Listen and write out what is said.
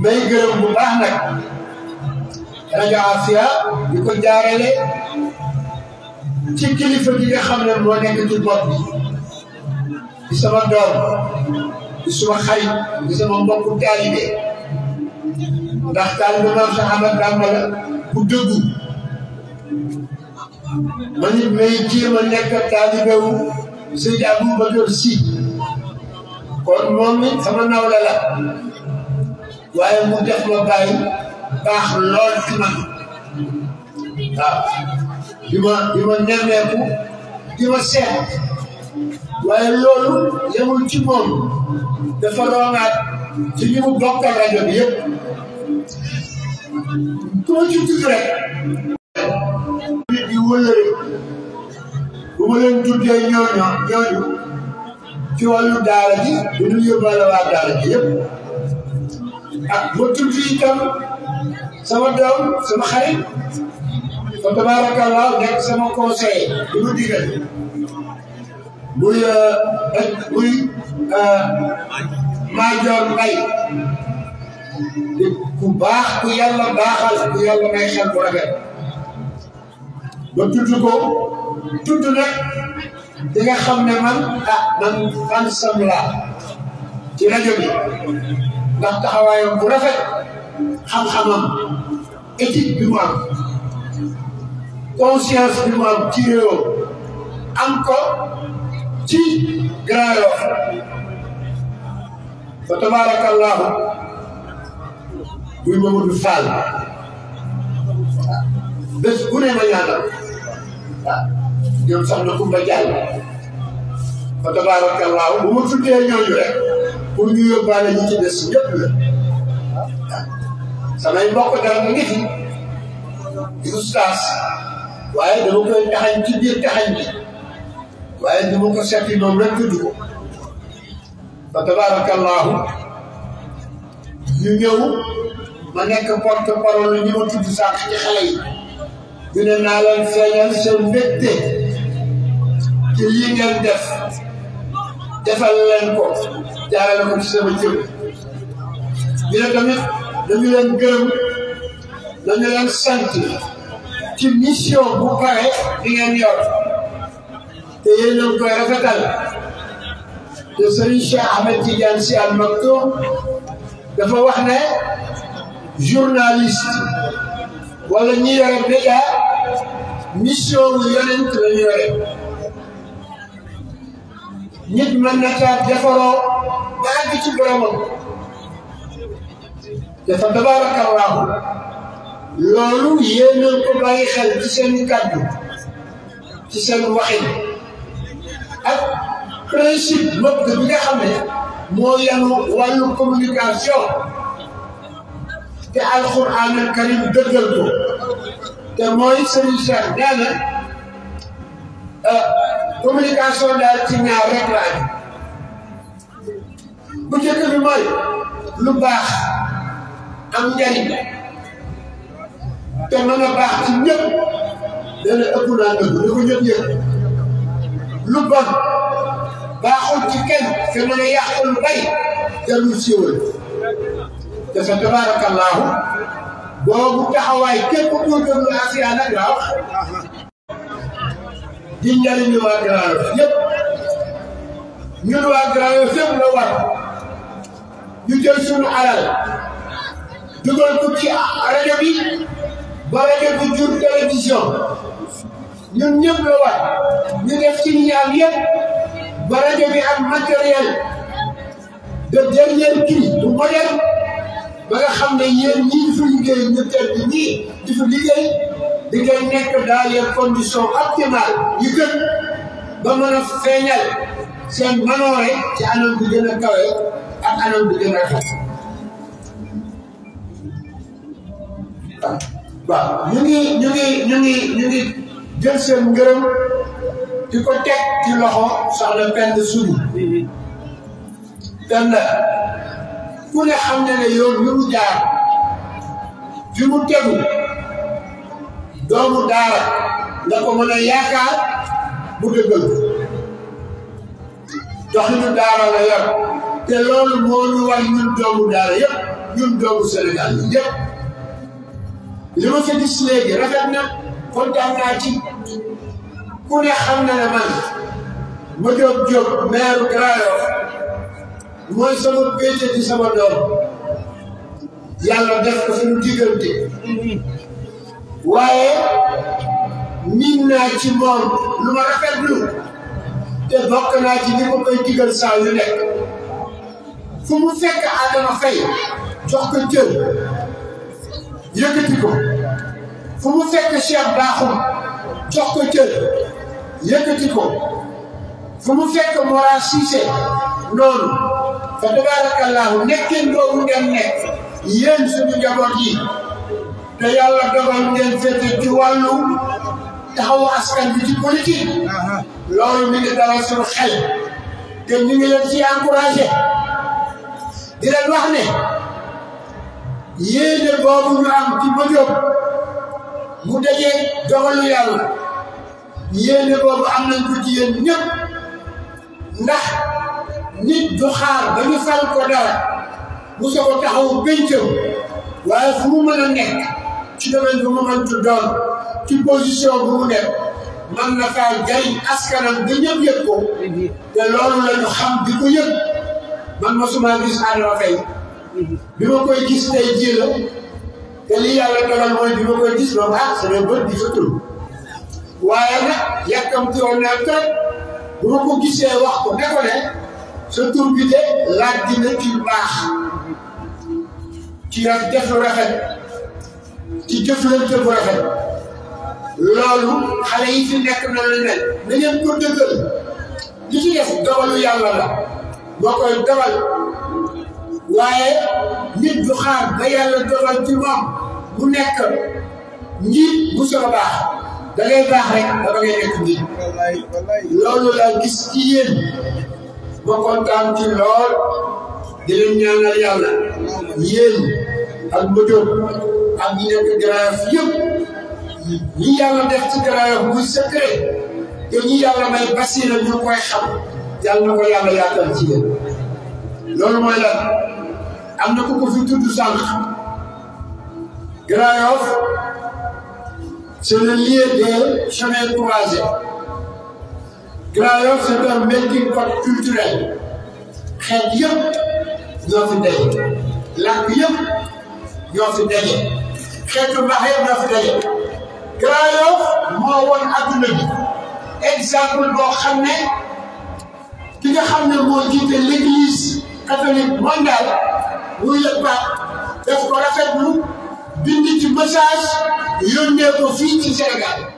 may gërëm bu baax nag rajo Afia di ko jaarale ci kilifa gi nga xam ne moo nekk ci bopp bi sama doom di suma xarit di sama mbokku taalibe ndax taalibe maam sa amat dàmba la bu dëggu man it may jéem a nekk taalibe wu Seydi Aboubacar Sy kon moom it sama waaye mu def ma bàyyi baax lool ci man waaw di ma di ma waaye loolu yemul ci moom dafa roonaat ci ñi mu bokkal rajo ku ma ci tudd rek nit di wëllëre bu ma leen tuddee ñooñu ñooñu ci wàllu daara ji du ñu yóbbaale waa daara ji yëpp ak bu tudd itam sama doom sama xarit fa tabarakallah nekk sama conseil di ma digal muy euh, muy euh, Madior Mbaye ku baax ku yàlla baaxal ku yàlla may xel bu rafet ko tudd nag di nga xam ne man ah man fan sam laa ci rajo ndax taxawaayam bu rafet xam-xamam am conscience bi mu am ci réew am ko ci Grand Yoff fa tabarakallahu muy Mamadou Fall bés bu ne ma ñaanal ñoom sax na Kumba Jaay fa tabarakallahu bu ma tuddee ñooñu rek pour ñu yóbbaale ñi ci des ñëpp la samay mbokk dara ngi fi di ustaas waaye dama koy taxañ ci biir taxañ bi waaye dama ko seeti noonu rek tudd ko fa tabaarakallaahu ñu ñëw ma nekk porte parole ñi ma tudd sànq ci xale ñu ne naa leen feeñal seen mbégte ci def defal leen ko jaarale ko ci sama jëm ñu ne tamit dañu leen gërëm dañu leen sant ci mission bu pare di ngeen yor te yéen a koy rafetal te Serigne Cheikh Ahmed Tidiane Sy Al Maktoum dafa wax ne journaliste wala ñi yore média mission wu yonent la ñu yore nit mën na taa defaroo ba àgg ci boromam dafa tabaarakallaahu loolu yéen ko bàyyi xel ci seen kàddu ci seen waxin ak principe mabda bi nga xam ne moo yanu wàllu communication te alquran al karim dëggal ko te mooy Serigne Cheikh nee na euh, communication daal ci ñaar rek la bu njëkk bi mooy lu baax am njariñ te mën a baax ci ñëpp dana ëpp naa dëgg na ko lu bon baaxul ci kenn te mën a yàq lu bay jarul siiwal te fa tabaarakallaahu boobu taxawaay képp ku gëm lu Asiya nag laa wax di njariñu waa Grand Yoff ñun waa Grand Yoff la war ñu jël suñu alal dugal ko ci rajo bi ba rajo bi jur télévision ñun ñëpp la war ñu def ci ñaar yëpp am matériel de dernier prix bu moderne ba nga xam ne ñii fi liggéey ñu teel bi nii di fi liggéey di ngay nekk dans les conditions optimales yu gën ba mën feeñal seen manoore ci anam bi gën a ak anam bi gën a waaw ñu ngi ñu ngi ñu ngi ñu jël seen ngërëm di ko teg ci loxo soxna Pend Sougou dem na ne xam ne ne yoon yu mu jaar fi mu tegu doomu daara nga ko mën a yaakaar bu dëggal doxinu daara la yor te loolu moo ñu war ñun doomu daara yëpp ñun doomu Sénégal yëpp li ma fa gis léegi rafet na kontaan naa ku ne xam na ne man ma jóg jóg maire Grand Yoff mooy sama pété ci sama doom yàlla def ko suñu diggante waaye miin naa ci moom lu ma rafetlu te bokk li ma koy digal saa yu nekk. fu mu fekk Adama Faye jox ko cër yëkkati ko fu mu fekk Cheikh Bakhoum jox ko cër yëkkati ko fu mu fekk Mora Cissé noonu fa tabarakallahu nekkeen boobu ngeen nekk yéen suñu njaboot yi te yàlla dogal ngeen féete ci wàllu taxawu askan bi ci politique loolu mi ngi dalal suñu xel te ñu ngi leen ci encouragé di leen wax ne yéene boobu ñu am ci Madiop mu dajee dogalu yàlla yéene boobu am nañ ko ci yéen ñëpp ndax nit du xaar ba ñu fal ko dara mu soog a taxawu bëncëm waaye fu mu mën a nekk ci domaine bu mu mënti doon ci position bu mu nekk man na faa jariñ askanam ba ñëpp yëg te loolu la xam di ko yëg. man mosuma gis Adama Faye bi ma koy gis tey jii la te li yàlla dogal mooy bi ma koy gis moom ah sama bët bi fëtul waaye nag yàkkamti woon naa trop bu ma ko gisee wax ko ne ko ne sa tur bi de laaj dina ci baax ci raf def lu ci jëflante bu rafet loolu xale yi fi nekk na la mel na ko dëggal li ci def dogalu yàlla la moo koy waaye nit du xaar ba yàlla dogal ci moom bu nekk njiit bu soo baax da ngay baax rek da nekk njiit loolu la gis ci yéen ma ci lool di leen yàlla yéen ak mbëjoo ak ñi nekk garaaf yàlla def ci garaaf muy secret te ñi yàlla may basi na ñu koy xam yàlla na ko yàlla yaatal ci loolu mooy lan am na ku ko fi tudd sànq Grand Yoff c'est le lieu des chemins croisés Grand Yoff c'est un melting culturel xeet yëpp ñoo fi daje yëpp ñoo fi daje xeetu mbaax yëpp ñoo moo woon adduna bi exemple boo xam ki nga xam ne moo jiite l' église catholique mondiale muy le pape def ko rafetlu bind ci message yónnee ko fii ci Sénégal.